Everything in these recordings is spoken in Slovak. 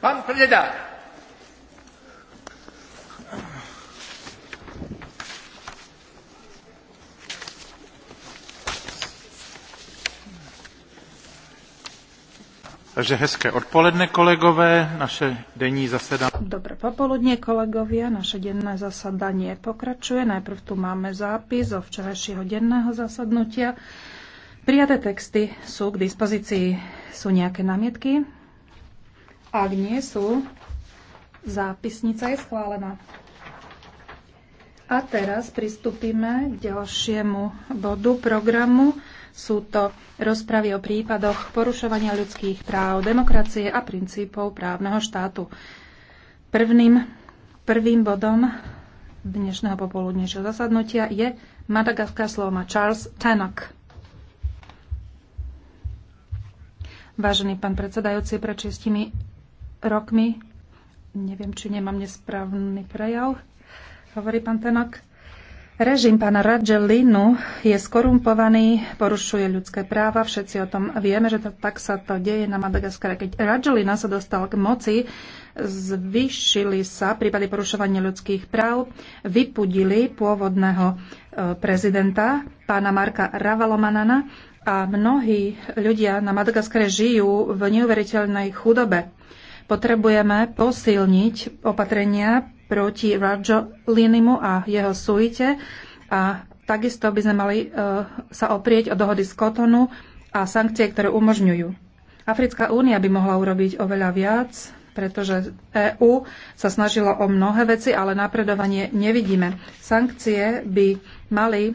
Pán predsedá. Takže hezké odpoledne, kolegové, naše denní zasedanie. Dobré popoludne, kolegovia, naše denné zasadanie pokračuje. Najprv tu máme zápis o včerajšieho denného zasadnutia. Prijaté texty sú k dispozícii. Sú nejaké námietky? Ak nie sú, zápisnica je schválená. A teraz pristúpime k ďalšiemu bodu programu. Sú to rozpravy o prípadoch porušovania ľudských práv, demokracie a princípov právneho štátu. Prvným, prvým bodom dnešného popoludnejšieho zasadnutia je madagaskar slova Charles Tannock. Vážený pán predsedajúci, prečistí mi rokmi. Neviem, či nemám nesprávny prejav, hovorí pán Tenok. Režim pána Radželinu je skorumpovaný, porušuje ľudské práva. Všetci o tom vieme, že to, tak sa to deje na Madagaskare. Keď Radželina sa dostal k moci, zvyšili sa prípady porušovania ľudských práv, vypudili pôvodného e, prezidenta, pána Marka Ravalomanana, a mnohí ľudia na Madagaskare žijú v neuveriteľnej chudobe. Potrebujeme posilniť opatrenia proti Rajolinimu a jeho suite a takisto by sme mali e, sa oprieť o dohody z Kotonu a sankcie, ktoré umožňujú. Africká únia by mohla urobiť oveľa viac, pretože EÚ sa snažilo o mnohé veci, ale napredovanie nevidíme. Sankcie by mali e,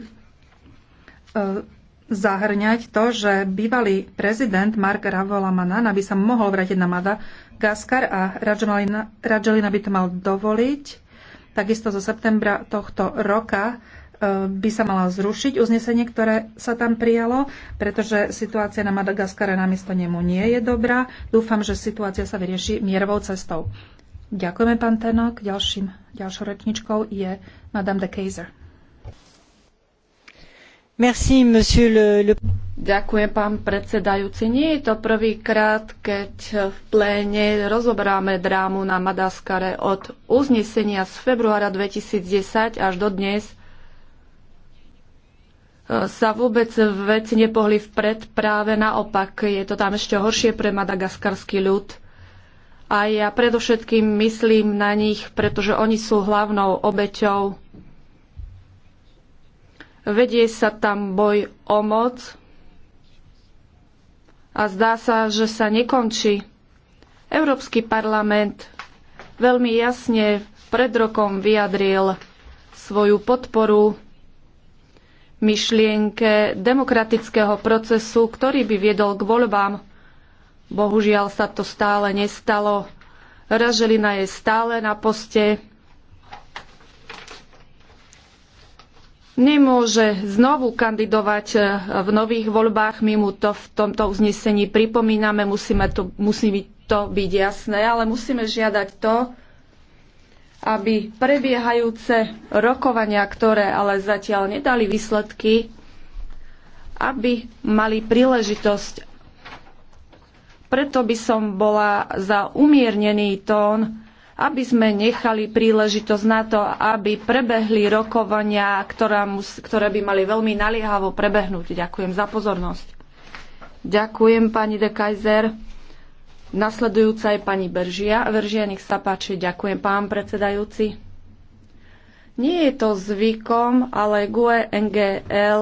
zahrňať to, že bývalý prezident Mark Ravolamanana by sa mohol vrátiť na Madagaskar a Rajelina by to mal dovoliť. Takisto zo septembra tohto roka e, by sa mala zrušiť uznesenie, ktoré sa tam prijalo, pretože situácia na Madagaskare namiesto nemu nie je dobrá. Dúfam, že situácia sa vyrieši mierovou cestou. Ďakujeme, pán Tenok. Ďalším, ďalšou rečničkou je Madame de Kaiser. Ďakujem, pán predsedajúci. Nie je to prvýkrát, keď v pléne rozoberáme drámu na Madaskare od uznesenia z februára 2010 až do dnes e, sa vôbec veci nepohli vpred, práve naopak je to tam ešte horšie pre madagaskarský ľud. A ja predovšetkým myslím na nich, pretože oni sú hlavnou obeťou Vedie sa tam boj o moc a zdá sa, že sa nekončí. Európsky parlament veľmi jasne pred rokom vyjadril svoju podporu myšlienke demokratického procesu, ktorý by viedol k voľbám. Bohužiaľ sa to stále nestalo. Raželina je stále na poste nemôže znovu kandidovať e, v nových voľbách. My mu to v tomto uznesení pripomíname, musíme to, musí to byť jasné, ale musíme žiadať to, aby prebiehajúce rokovania, ktoré ale zatiaľ nedali výsledky, aby mali príležitosť. Preto by som bola za umiernený tón aby sme nechali príležitosť na to, aby prebehli rokovania, ktoré by mali veľmi naliehavo prebehnúť. Ďakujem za pozornosť. Ďakujem, pani de Kaiser. Nasledujúca je pani Beržia. Beržia, nech sa páči. Ďakujem, pán predsedajúci. Nie je to zvykom, ale GUE NGL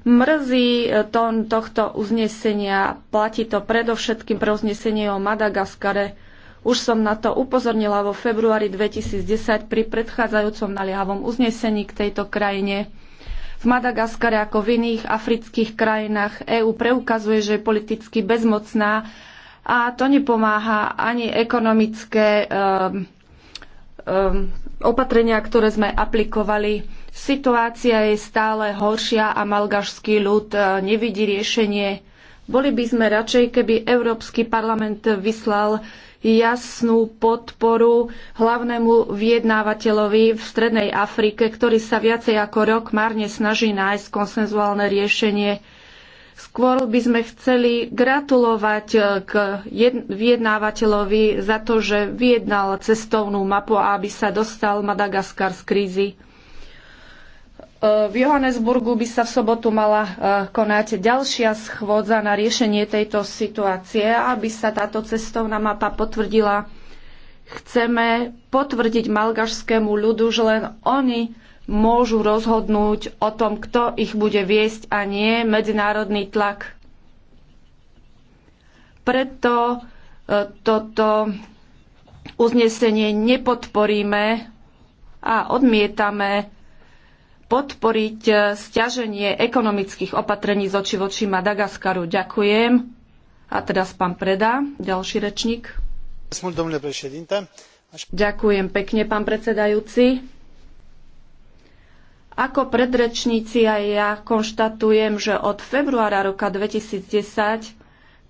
Mrzí tón tohto uznesenia, platí to predovšetkým pre uznesenie o Madagaskare. Už som na to upozornila vo februári 2010 pri predchádzajúcom naliehavom uznesení k tejto krajine. V Madagaskare ako v iných afrických krajinách EÚ preukazuje, že je politicky bezmocná a to nepomáha ani ekonomické um, um, opatrenia, ktoré sme aplikovali. Situácia je stále horšia a malgašský ľud e, nevidí riešenie boli by sme radšej, keby Európsky parlament vyslal jasnú podporu hlavnému vyjednávateľovi v Strednej Afrike, ktorý sa viacej ako rok márne snaží nájsť konsenzuálne riešenie. Skôr by sme chceli gratulovať eh, k vyjednávateľovi za to, že vyjednal cestovnú mapu, aby sa dostal Madagaskar z krízy. V Johannesburgu by sa v sobotu mala e, konať ďalšia schôdza na riešenie tejto situácie, aby sa táto cestovná mapa potvrdila. Chceme potvrdiť malgašskému ľudu, že len oni môžu rozhodnúť o tom, kto ich bude viesť a nie medzinárodný tlak. Preto e, toto uznesenie nepodporíme a odmietame podporiť e, stiaženie ekonomických opatrení z oči voči Madagaskaru. Ďakujem. A teraz pán Preda, ďalší rečník. Ďakujem pekne, pán predsedajúci. Ako predrečníci aj ja konštatujem, že od februára roka 2010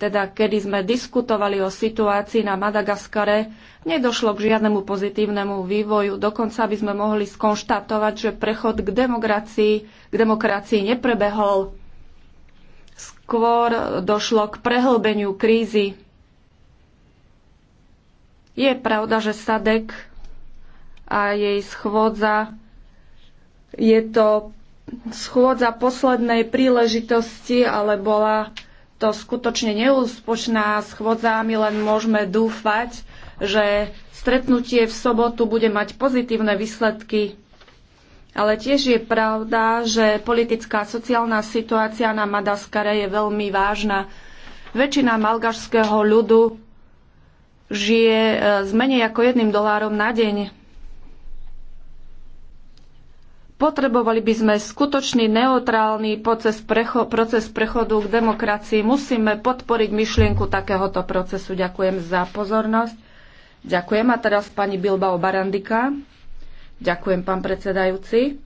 teda kedy sme diskutovali o situácii na Madagaskare, nedošlo k žiadnemu pozitívnemu vývoju. Dokonca by sme mohli skonštatovať, že prechod k demokracii, k demokracii neprebehol. Skôr došlo k prehlbeniu krízy. Je pravda, že Sadek a jej schôdza je to schôdza poslednej príležitosti, ale bola to skutočne neúspočná schôdza. My len môžeme dúfať, že stretnutie v sobotu bude mať pozitívne výsledky. Ale tiež je pravda, že politická a sociálna situácia na Madaskare je veľmi vážna. Väčšina malgašského ľudu žije e, s menej ako jedným dolárom na deň. Potrebovali by sme skutočný neutrálny proces, precho- proces prechodu k demokracii. Musíme podporiť myšlienku takéhoto procesu. Ďakujem za pozornosť. Ďakujem. A teraz pani Bilbao Barandika. Ďakujem, pán predsedajúci.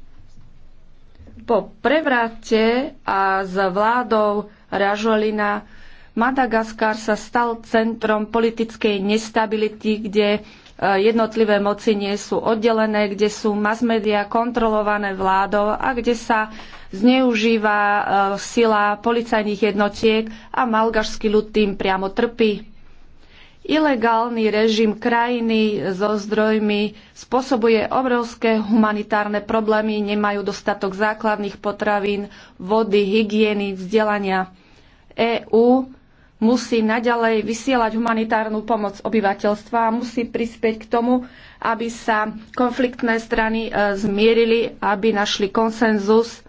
Po prevrate a s vládou Ražolina Madagaskar sa stal centrom politickej nestability, kde jednotlivé moci nie sú oddelené, kde sú masmedia kontrolované vládou a kde sa zneužíva e, sila policajných jednotiek a malgašský ľud tým priamo trpí. Ilegálny režim krajiny so zdrojmi spôsobuje obrovské humanitárne problémy, nemajú dostatok základných potravín, vody, hygieny, vzdelania. EÚ musí naďalej vysielať humanitárnu pomoc obyvateľstva a musí prispieť k tomu, aby sa konfliktné strany e, zmierili, aby našli konsenzus,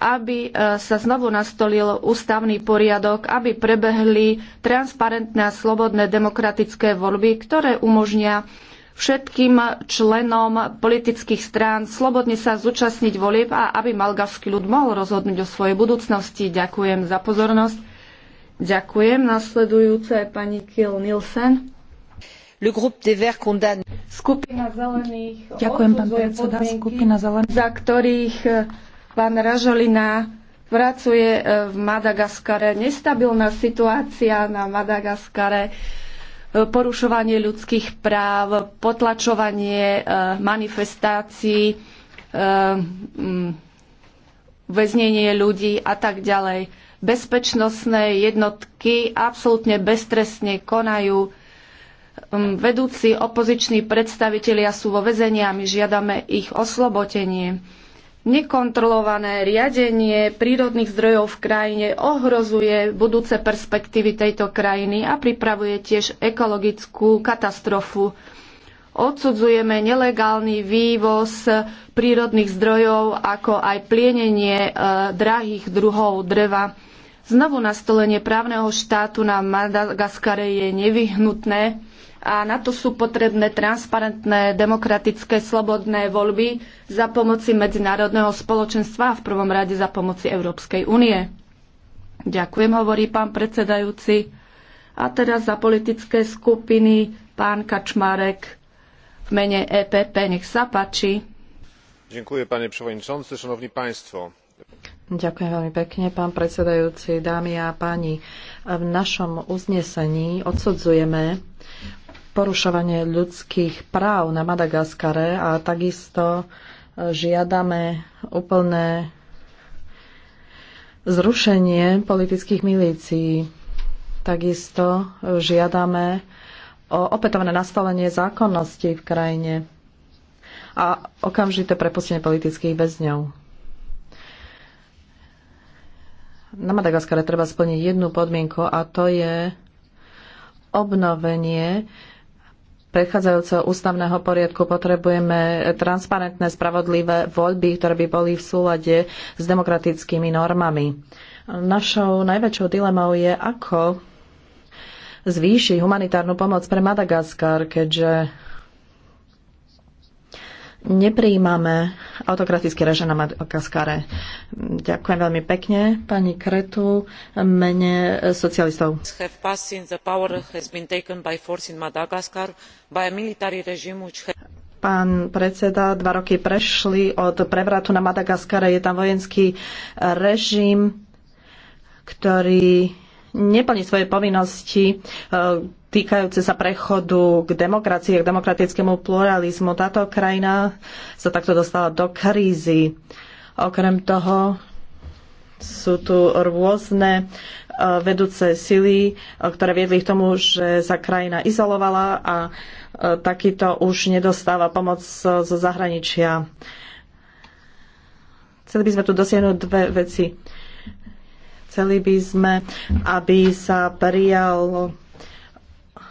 aby e, sa znovu nastolil ústavný poriadok, aby prebehli transparentné a slobodné demokratické voľby, ktoré umožnia všetkým členom politických strán slobodne sa zúčastniť volieb a aby malgavský ľud mohol rozhodnúť o svojej budúcnosti. Ďakujem za pozornosť. Ďakujem. Nasledujúce je pani Kiel Nielsen. Le groupe des Verts condamne. Skupina zelených Ďakujem, pán predseda. Skupina zelených. Za ktorých e, pán Ražolina pracuje e, v Madagaskare. Nestabilná situácia na Madagaskare e, porušovanie ľudských práv, potlačovanie manifestácií, väznenie ľudí a tak ďalej bezpečnostné jednotky absolútne beztrestne konajú. Um, vedúci opoziční predstavitelia sú vo vezení a my žiadame ich oslobotenie. Nekontrolované riadenie prírodných zdrojov v krajine ohrozuje budúce perspektívy tejto krajiny a pripravuje tiež ekologickú katastrofu. Odsudzujeme nelegálny vývoz prírodných zdrojov, ako aj plienenie eh, drahých druhov dreva. Znovu nastolenie právneho štátu na Madagaskare je nevyhnutné a na to sú potrebné transparentné, demokratické, slobodné voľby za pomoci medzinárodného spoločenstva a v prvom rade za pomoci Európskej únie. Ďakujem, hovorí pán predsedajúci. A teraz za politické skupiny pán Kačmarek v mene EPP. Nech sa páči. Ďakujem, pane przewodniczący, szanowni państwo. Ďakujem veľmi pekne, pán predsedajúci, dámy a páni. V našom uznesení odsudzujeme porušovanie ľudských práv na Madagaskare a takisto žiadame úplné zrušenie politických milícií. Takisto žiadame o opätovné nastavenie zákonnosti v krajine a okamžité prepustenie politických väzňov. na Madagaskare treba splniť jednu podmienku a to je obnovenie predchádzajúceho ústavného poriadku potrebujeme transparentné, spravodlivé voľby, ktoré by boli v súlade s demokratickými normami. Našou najväčšou dilemou je, ako zvýšiť humanitárnu pomoc pre Madagaskar, keďže neprijímame autokratické režim na Madagaskare. Ďakujem veľmi pekne, pani Kretu, mene socialistov. Pán predseda, dva roky prešli od prevratu na Madagaskare. Je tam vojenský režim, ktorý neplní svoje povinnosti eh, týkajúce sa prechodu k demokracii, k demokratickému pluralizmu. Táto krajina sa takto dostala do krízy. Okrem toho sú tu rôzne e, vedúce sily, e, ktoré viedli k tomu, že sa krajina izolovala a e, takýto už nedostáva pomoc zo zahraničia. Chceli by sme tu dosiahnuť dve veci. Chceli by sme, aby sa prijalo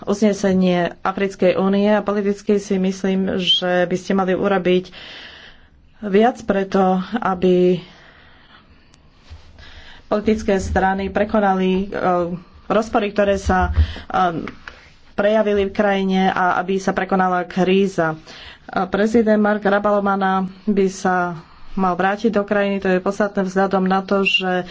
uznesenie Africkej únie a politicky si myslím, že by ste mali urobiť viac preto, aby politické strany prekonali eh, rozpory, ktoré sa eh, prejavili v krajine a aby sa prekonala kríza. Eh, prezident Mark Rabalomana by sa mal vrátiť do krajiny. To je podstatné vzhľadom na to, že e,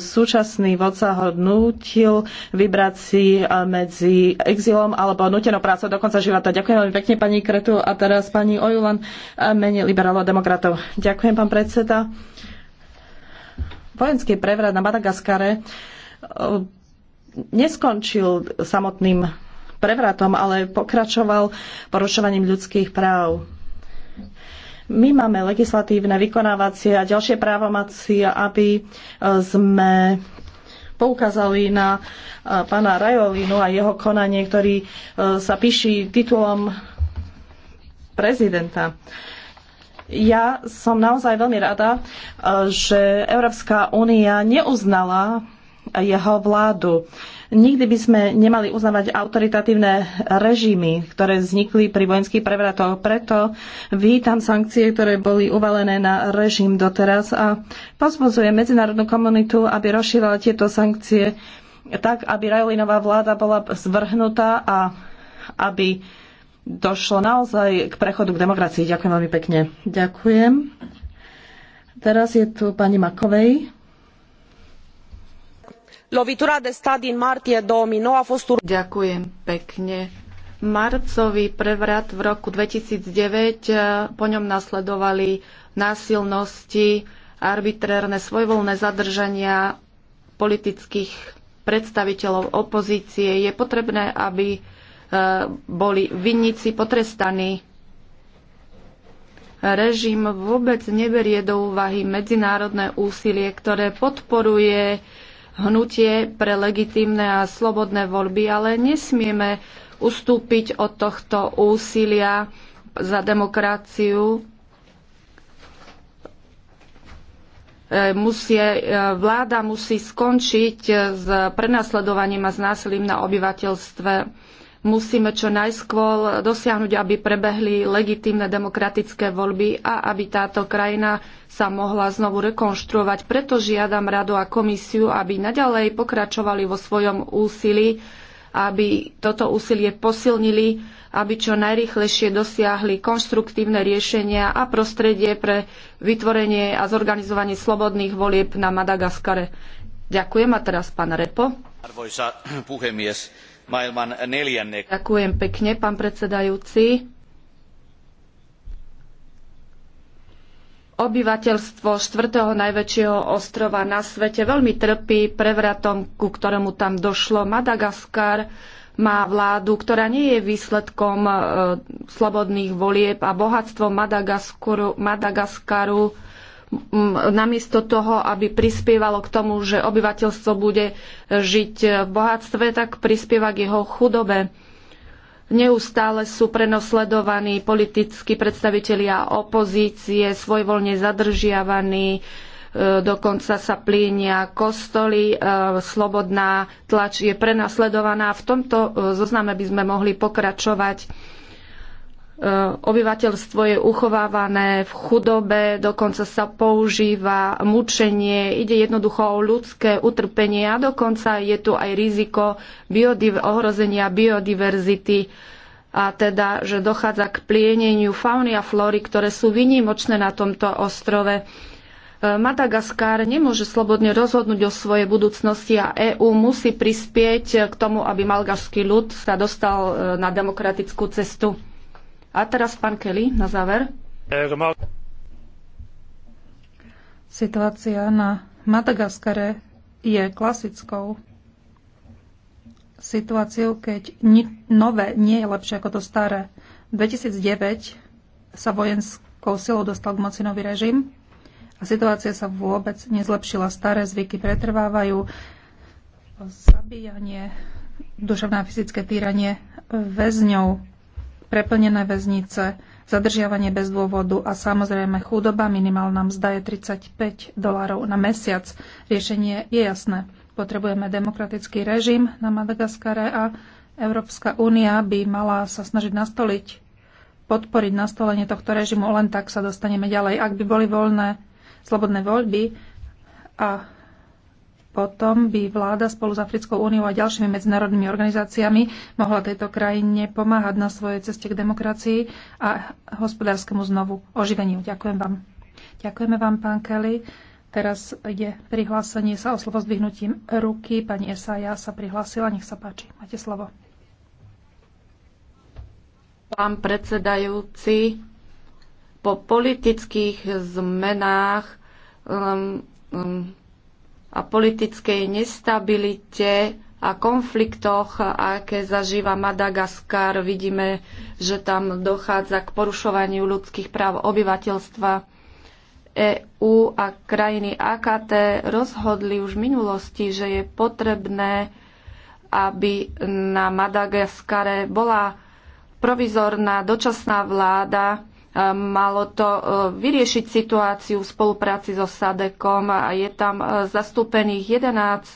súčasný vodca ho nutil vybrať si e, medzi exilom alebo nutenou prácou do konca života. Ďakujem veľmi pekne pani Kretu a teraz pani Ojulan e, mene liberálov a demokratov. Ďakujem pán predseda. Vojenský prevrat na Madagaskare neskončil samotným prevratom, ale pokračoval porušovaním ľudských práv my máme legislatívne, vykonávacie a ďalšie právomaci, aby e, sme poukázali na e, pána Rajolinu a jeho konanie, ktorý e, sa píši titulom prezidenta. Ja som naozaj veľmi rada, že Európska únia neuznala jeho vládu. Nikdy by sme nemali uznávať autoritatívne režimy, ktoré vznikli pri vojenských prevratoch. Preto vítam sankcie, ktoré boli uvalené na režim doteraz a pozbudzujem medzinárodnú komunitu, aby rozšírala tieto sankcie tak, aby Rajlinová vláda bola zvrhnutá a aby došlo naozaj k prechodu k demokracii. Ďakujem veľmi pekne. Ďakujem. Teraz je tu pani Makovej lovitura de stat din martie 2009 a fost ur... Ďakujem pekne. Marcový prevrat v roku 2009, eh, po ňom nasledovali násilnosti, arbitrérne svojvoľné zadržania politických predstaviteľov opozície. Je potrebné, aby eh, boli vinníci potrestaní. Režim vôbec neberie do úvahy medzinárodné úsilie, ktoré podporuje hnutie pre legitímne a slobodné voľby, ale nesmieme ustúpiť od tohto úsilia za demokraciu. E, musie, e, vláda musí skončiť s prenasledovaním a s násilím na obyvateľstve musíme čo najskôr dosiahnuť, aby prebehli legitímne demokratické voľby a aby táto krajina sa mohla znovu rekonštruovať. Preto žiadam radu a komisiu, aby naďalej pokračovali vo svojom úsilí, aby toto úsilie posilnili, aby čo najrychlejšie dosiahli konštruktívne riešenia a prostredie pre vytvorenie a zorganizovanie slobodných volieb na Madagaskare. Ďakujem a teraz pán Repo. Arvoisa puhemies maailman neljänneksi. Ďakujem pekne, pán predsedajúci. Obyvateľstvo štvrtého najväčšieho ostrova na svete veľmi trpí prevratom, ku ktorému tam došlo. Madagaskar má vládu, ktorá nie je výsledkom e, slobodných volieb a bohatstvo Madagaskaru, Madagaskaru namiesto toho, aby prispievalo k tomu, že obyvateľstvo bude žiť v bohatstve, tak prispieva k jeho chudobe. Neustále sú prenosledovaní politickí predstavitelia opozície, svojvoľne zadržiavaní, e, dokonca sa plínia kostoly, e, slobodná tlač je prenasledovaná. V tomto e, zozname by sme mohli pokračovať E, obyvateľstvo je uchovávané v chudobe, dokonca sa používa mučenie, ide jednoducho o ľudské utrpenie a dokonca je tu aj riziko biodiv- ohrozenia biodiverzity a teda, že dochádza k plieneniu fauny a flóry, ktoré sú vynimočné na tomto ostrove. E, Madagaskar nemôže slobodne rozhodnúť o svojej budúcnosti a EÚ musí prispieť k tomu, aby malgašský ľud sa dostal e, na demokratickú cestu. A teraz pán Kelly na záver. Situácia na Madagaskare je klasickou situáciou, keď ni- nové nie je lepšie ako to staré. V 2009 sa vojenskou silou dostal k moci nový režim a situácia sa vôbec nezlepšila. Staré zvyky pretrvávajú, zabíjanie, duševné a fyzické týranie väzňov preplnené väznice, zadržiavanie bez dôvodu a samozrejme chudoba. Minimálna mzda je 35 dolárov na mesiac. Riešenie je jasné. Potrebujeme demokratický režim na Madagaskare a Európska únia by mala sa snažiť nastoliť, podporiť nastolenie tohto režimu, len tak sa dostaneme ďalej. Ak by boli voľné, slobodné voľby a potom by vláda spolu s Africkou úniou a ďalšími medzinárodnými organizáciami mohla tejto krajine pomáhať na svojej ceste k demokracii a hospodárskemu znovu oživeniu. Ďakujem vám. Ďakujeme vám, pán Kelly. Teraz je prihlásenie sa o slovo vyhnutím ruky. Pani Esaja sa prihlásila. Nech sa páči. Máte slovo. Pán predsedajúci, po politických zmenách um, um, a politickej nestabilite a konfliktoch, aké zažíva Madagaskar. Vidíme, že tam dochádza k porušovaniu ľudských práv obyvateľstva. EU a krajiny AKT rozhodli už v minulosti, že je potrebné, aby na Madagaskare bola provizorná dočasná vláda, malo to e, vyriešiť situáciu v spolupráci so Sadekom a je tam e, zastúpených 11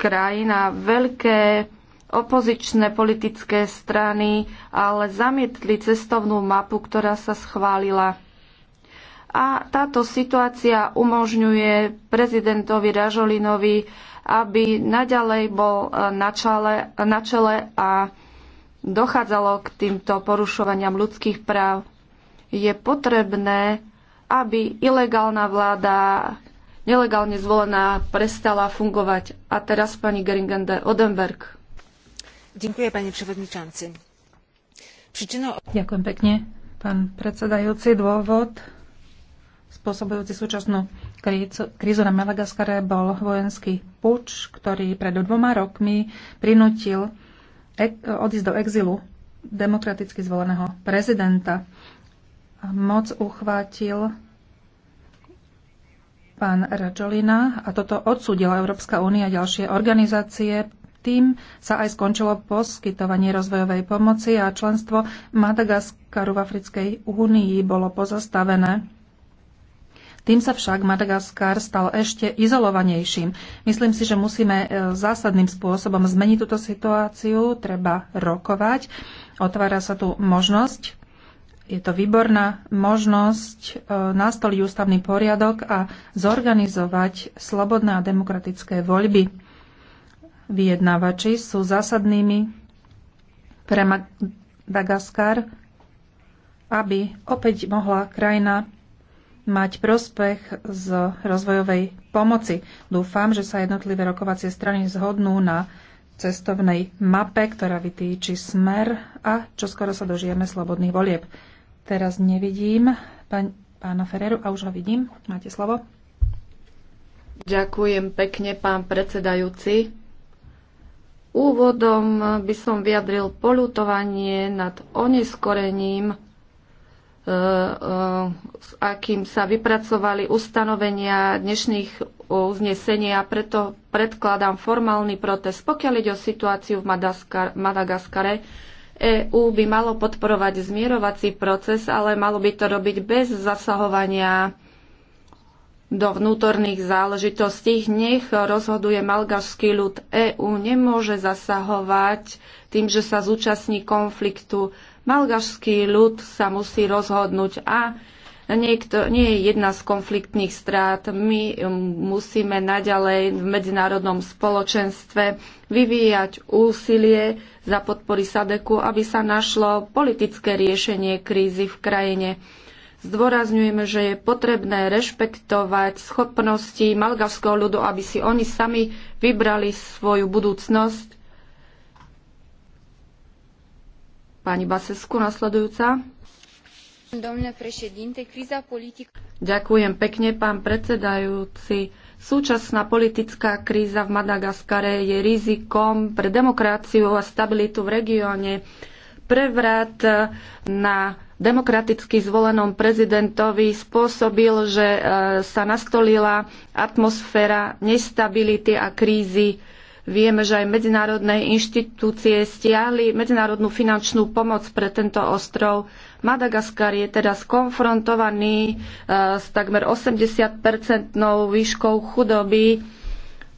krajín a veľké opozičné politické strany, ale zamietli cestovnú mapu, ktorá sa schválila. A táto situácia umožňuje prezidentovi Ražolinovi, aby naďalej bol e, na čele, na čele a dochádzalo k týmto porušovaniam ľudských práv. Je potrebné, aby ilegálna vláda, nelegálne zvolená, prestala fungovať. A teraz pani Geringende Odenberg. Ďakujem, pani predsedajúci. Príčinou... Ďakujem pekne, pán predsedajúci. Dôvod spôsobujúci súčasnú krízu, krízu na Madagaskare bol vojenský puč, ktorý pred dvoma rokmi prinútil odísť do exilu demokraticky zvoleného prezidenta. Moc uchvátil pán Rajolina a toto odsúdila Európska únia a ďalšie organizácie. Tým sa aj skončilo poskytovanie rozvojovej pomoci a členstvo Madagaskaru v Africkej únii bolo pozastavené. Tým sa však Madagaskar stal ešte izolovanejším. Myslím si, že musíme e, zásadným spôsobom zmeniť túto situáciu, treba rokovať. Otvára sa tu možnosť je to výborná možnosť e, nastoliť ústavný poriadok a zorganizovať slobodné a demokratické voľby. Vyjednávači sú zásadnými pre Madagaskar, aby opäť mohla krajina mať prospech z rozvojovej pomoci. Dúfam, že sa jednotlivé rokovacie strany zhodnú na cestovnej mape, ktorá vytýči smer a čo skoro sa dožijeme slobodných volieb. Teraz nevidím pán, pána Ferreru a už ho vidím. Máte slovo. Ďakujem pekne, pán predsedajúci. Úvodom by som vyjadril polutovanie nad oneskorením E, e, s akým sa vypracovali ustanovenia dnešných uznesení a preto predkladám formálny protest. Pokiaľ ide o situáciu v Madagaskare, EÚ by malo podporovať zmierovací proces, ale malo by to robiť bez zasahovania do vnútorných záležitostí. Nech rozhoduje malgašský ľud. EÚ nemôže zasahovať tým, že sa zúčastní konfliktu Malgašský ľud sa musí rozhodnúť a niekto, nie je jedna z konfliktných strát. My um, musíme naďalej v medzinárodnom spoločenstve vyvíjať úsilie za podpory Sadeku, aby sa našlo politické riešenie krízy v krajine. Zdôrazňujeme, že je potrebné rešpektovať schopnosti malgavského ľudu, aby si oni sami vybrali svoju budúcnosť Pani Basesku, nasledujúca. Ďakujem pekne, pán predsedajúci. Súčasná politická kríza v Madagaskare je rizikom pre demokraciu a stabilitu v regióne. Prevrat na demokraticky zvolenom prezidentovi spôsobil, že e, sa nastolila atmosféra nestability a krízy Vieme, že aj medzinárodné inštitúcie stiahli medzinárodnú finančnú pomoc pre tento ostrov. Madagaskar je teda skonfrontovaný e, s takmer 80-percentnou výškou chudoby.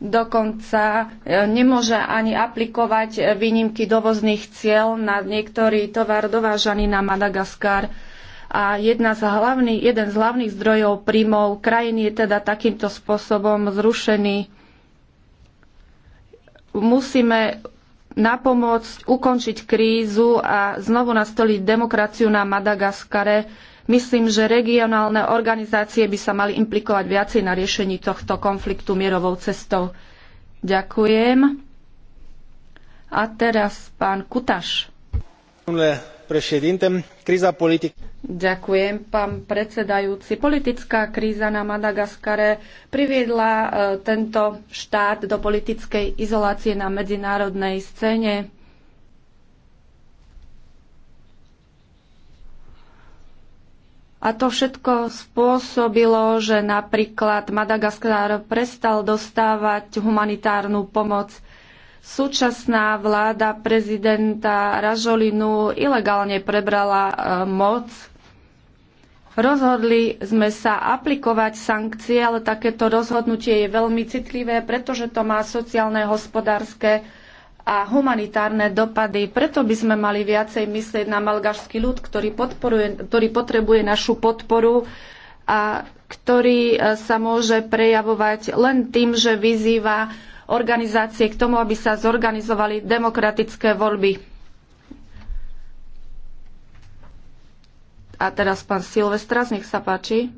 Dokonca e, nemôže ani aplikovať výnimky dovozných cieľ na niektorý tovar dovážaný na Madagaskar a jedna z hlavný, jeden z hlavných zdrojov príjmov krajiny je teda takýmto spôsobom zrušený. Musíme napomôcť ukončiť krízu a znovu nastoliť demokraciu na Madagaskare. Myslím, že regionálne organizácie by sa mali implikovať viacej na riešení tohto konfliktu mierovou cestou. Ďakujem. A teraz pán Kutaš. Ďakujem, pán predsedajúci. Politická kríza na Madagaskare priviedla e, tento štát do politickej izolácie na medzinárodnej scéne. A to všetko spôsobilo, že napríklad Madagaskar prestal dostávať humanitárnu pomoc – Súčasná vláda prezidenta Ražolinu ilegálne prebrala e, moc. Rozhodli sme sa aplikovať sankcie, ale takéto rozhodnutie je veľmi citlivé, pretože to má sociálne, hospodárske a humanitárne dopady. Preto by sme mali viacej myslieť na malgašský ľud, ktorý, ktorý potrebuje našu podporu a ktorý e, sa môže prejavovať len tým, že vyzýva organizácie k tomu, aby sa zorganizovali demokratické voľby. A teraz pán Silvestras, nech sa páči.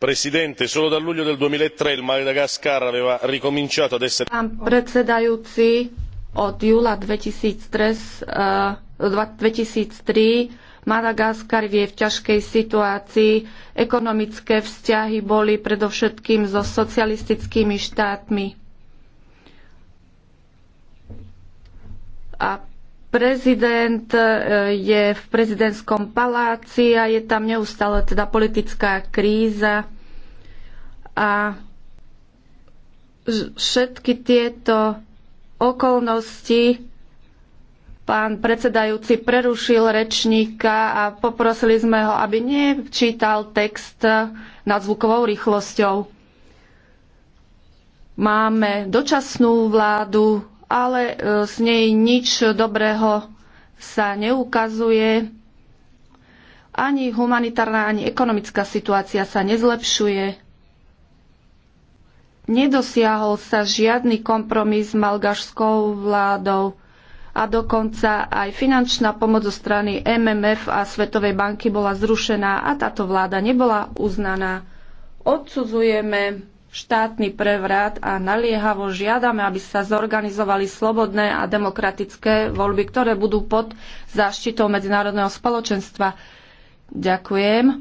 Presidente, solo dal luglio del 2003 il Madagascar aveva ricominciato ad essere... Pán predsedajúci, od júla 2003, 2003 eh, Madagaskar je v ťažkej situácii. Ekonomické vzťahy boli predovšetkým so socialistickými štátmi. a prezident e, je v prezidentskom paláci a je tam neustále teda politická kríza a všetky tieto okolnosti pán predsedajúci prerušil rečníka a poprosili sme ho, aby nečítal text nad zvukovou rýchlosťou. Máme dočasnú vládu, ale e, z nej nič dobrého sa neukazuje. Ani humanitárna, ani ekonomická situácia sa nezlepšuje. Nedosiahol sa žiadny kompromis s malgašskou vládou a dokonca aj finančná pomoc zo strany MMF a Svetovej banky bola zrušená a táto vláda nebola uznaná. Odsudzujeme štátny prevrat a naliehavo žiadame, aby sa zorganizovali slobodné a demokratické voľby, ktoré budú pod záštitou medzinárodného spoločenstva. Ďakujem.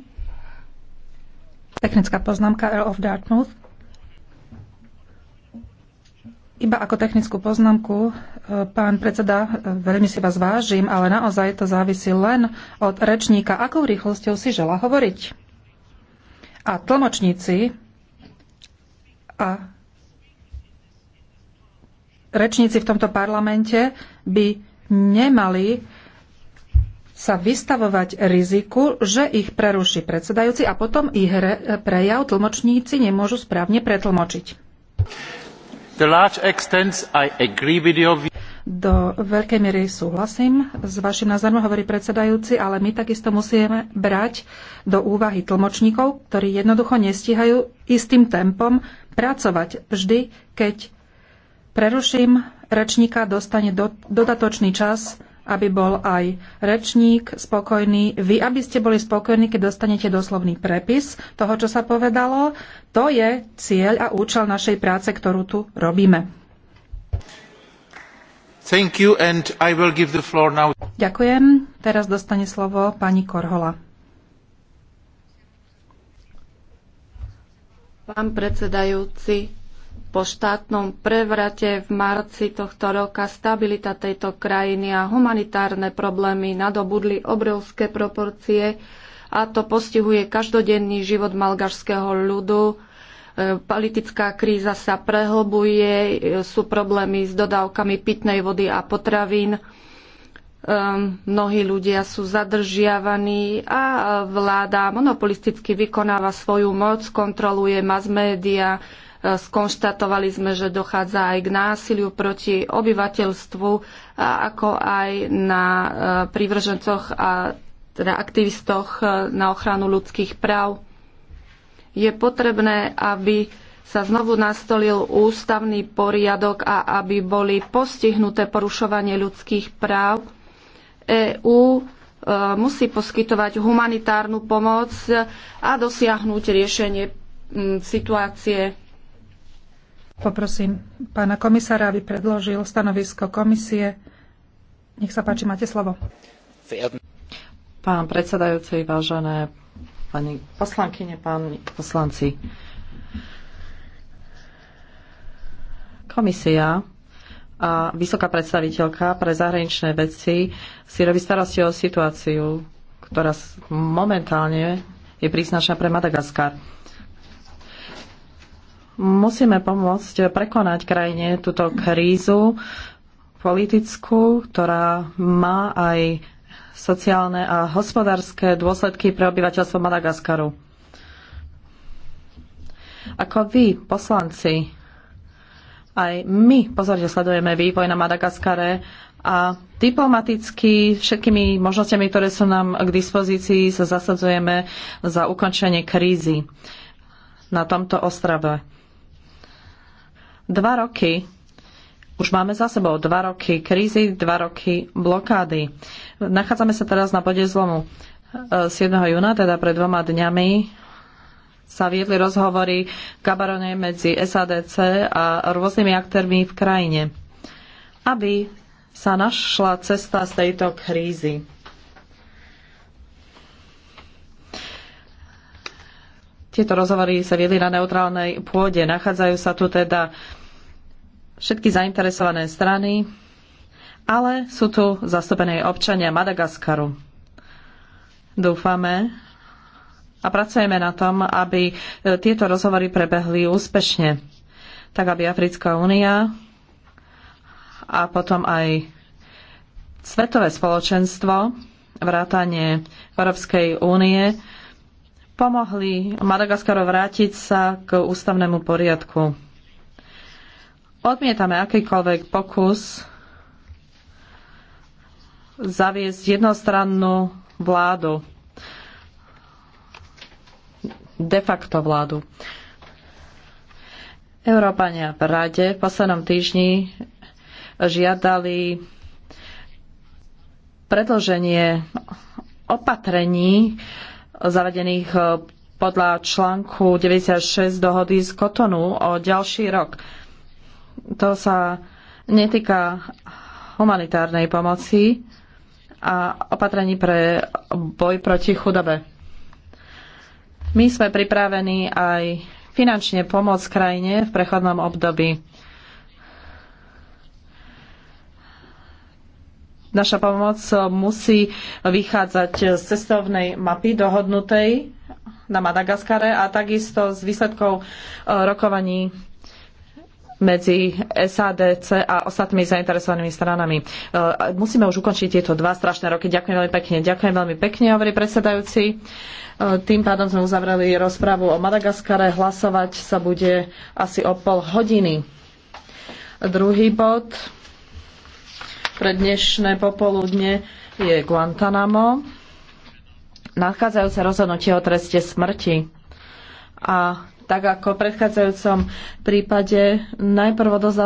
Technická poznámka Earl of Dartmouth. Iba ako technickú poznámku, e, pán predseda, e, veľmi si vás vážim, ale naozaj to závisí len od rečníka, akou rýchlosťou si žela hovoriť. A tlmočníci a rečníci v tomto parlamente by nemali sa vystavovať riziku, že ich preruší predsedajúci a potom ich re, prejav tlmočníci nemôžu správne pretlmočiť. Do veľkej miery súhlasím s vašim názorom, hovorí predsedajúci, ale my takisto musíme brať do úvahy tlmočníkov, ktorí jednoducho nestíhajú istým tempom pracovať. Vždy, keď preruším rečníka, dostane do, dodatočný čas, aby bol aj rečník spokojný. Vy, aby ste boli spokojní, keď dostanete doslovný prepis toho, čo sa povedalo. To je cieľ a účel našej práce, ktorú tu robíme. Thank you and I will give the floor now. Ďakujem. Teraz dostane slovo pani Korhola. Pán predsedajúci, po štátnom prevrate v marci tohto roka stabilita tejto krajiny a humanitárne problémy nadobudli obrovské proporcie a to postihuje každodenný život malgašského ľudu. E, politická kríza sa prehlbuje, e, sú problémy s dodávkami pitnej vody a potravín Ehm, mnohí ľudia sú zadržiavaní a vláda monopolisticky vykonáva svoju moc, kontroluje mass média. Ehm, skonštatovali sme, že dochádza aj k násiliu proti obyvateľstvu, ako aj na ehm, prívržencoch a teda aktivistoch na ochranu ľudských práv. Je potrebné, aby sa znovu nastolil ústavný poriadok a aby boli postihnuté porušovanie ľudských práv EÚ e, musí poskytovať humanitárnu pomoc a dosiahnuť riešenie situácie. Poprosím pána komisára, aby predložil stanovisko komisie. Nech sa páči, máte slovo. Pán predsedajúci, vážené pani poslankyne, páni poslanci. Komisia a vysoká predstaviteľka pre zahraničné veci si robí starosti o situáciu, ktorá momentálne je príznačná pre Madagaskar. Musíme pomôcť prekonať krajine túto krízu politickú, ktorá má aj sociálne a hospodárske dôsledky pre obyvateľstvo Madagaskaru. Ako vy, poslanci, aj my pozorne sledujeme vývoj na Madagaskare a diplomaticky všetkými možnosťami, ktoré sú nám k dispozícii, sa zasadzujeme za ukončenie krízy na tomto ostrave. Dva roky už máme za sebou dva roky krízy, dva roky blokády. Nachádzame sa teraz na bode zlomu. 7. E, júna, teda pred dvoma dňami, sa viedli rozhovory v Gabarone medzi SADC a rôznymi aktérmi v krajine, aby sa našla cesta z tejto krízy. Tieto rozhovory sa viedli na neutrálnej pôde. Nachádzajú sa tu teda všetky zainteresované strany, ale sú tu zastúpené občania Madagaskaru. Dúfame, a pracujeme na tom, aby e, tieto rozhovory prebehli úspešne, tak aby Africká únia a potom aj svetové spoločenstvo, vrátanie Európskej únie, pomohli Madagaskaru vrátiť sa k ústavnému poriadku. Odmietame akýkoľvek pokus zaviesť jednostrannú vládu de facto vládu. Európania v rade v poslednom týždni žiadali predloženie opatrení zavedených eh, podľa článku 96 dohody z Kotonu o ďalší rok. To sa netýka humanitárnej pomoci a opatrení pre boj proti chudobe. My sme pripravení aj finančne pomôcť krajine v prechodnom období. Naša pomoc musí vychádzať z cestovnej mapy dohodnutej na Madagaskare a takisto z výsledkov eh, rokovaní medzi SADC a ostatnými zainteresovanými stranami. E, musíme už ukončiť tieto dva strašné roky. Ďakujem veľmi pekne. Ďakujem veľmi pekne, hovorí predsedajúci. E, tým pádom sme uzavreli rozprávu o Madagaskare. Hlasovať sa bude asi o pol hodiny. Druhý bod pre dnešné popoludne je Guantanamo. Nachádzajúce rozhodnutie o treste smrti. A tak ako v predchádzajúcom prípade najprv odozdáme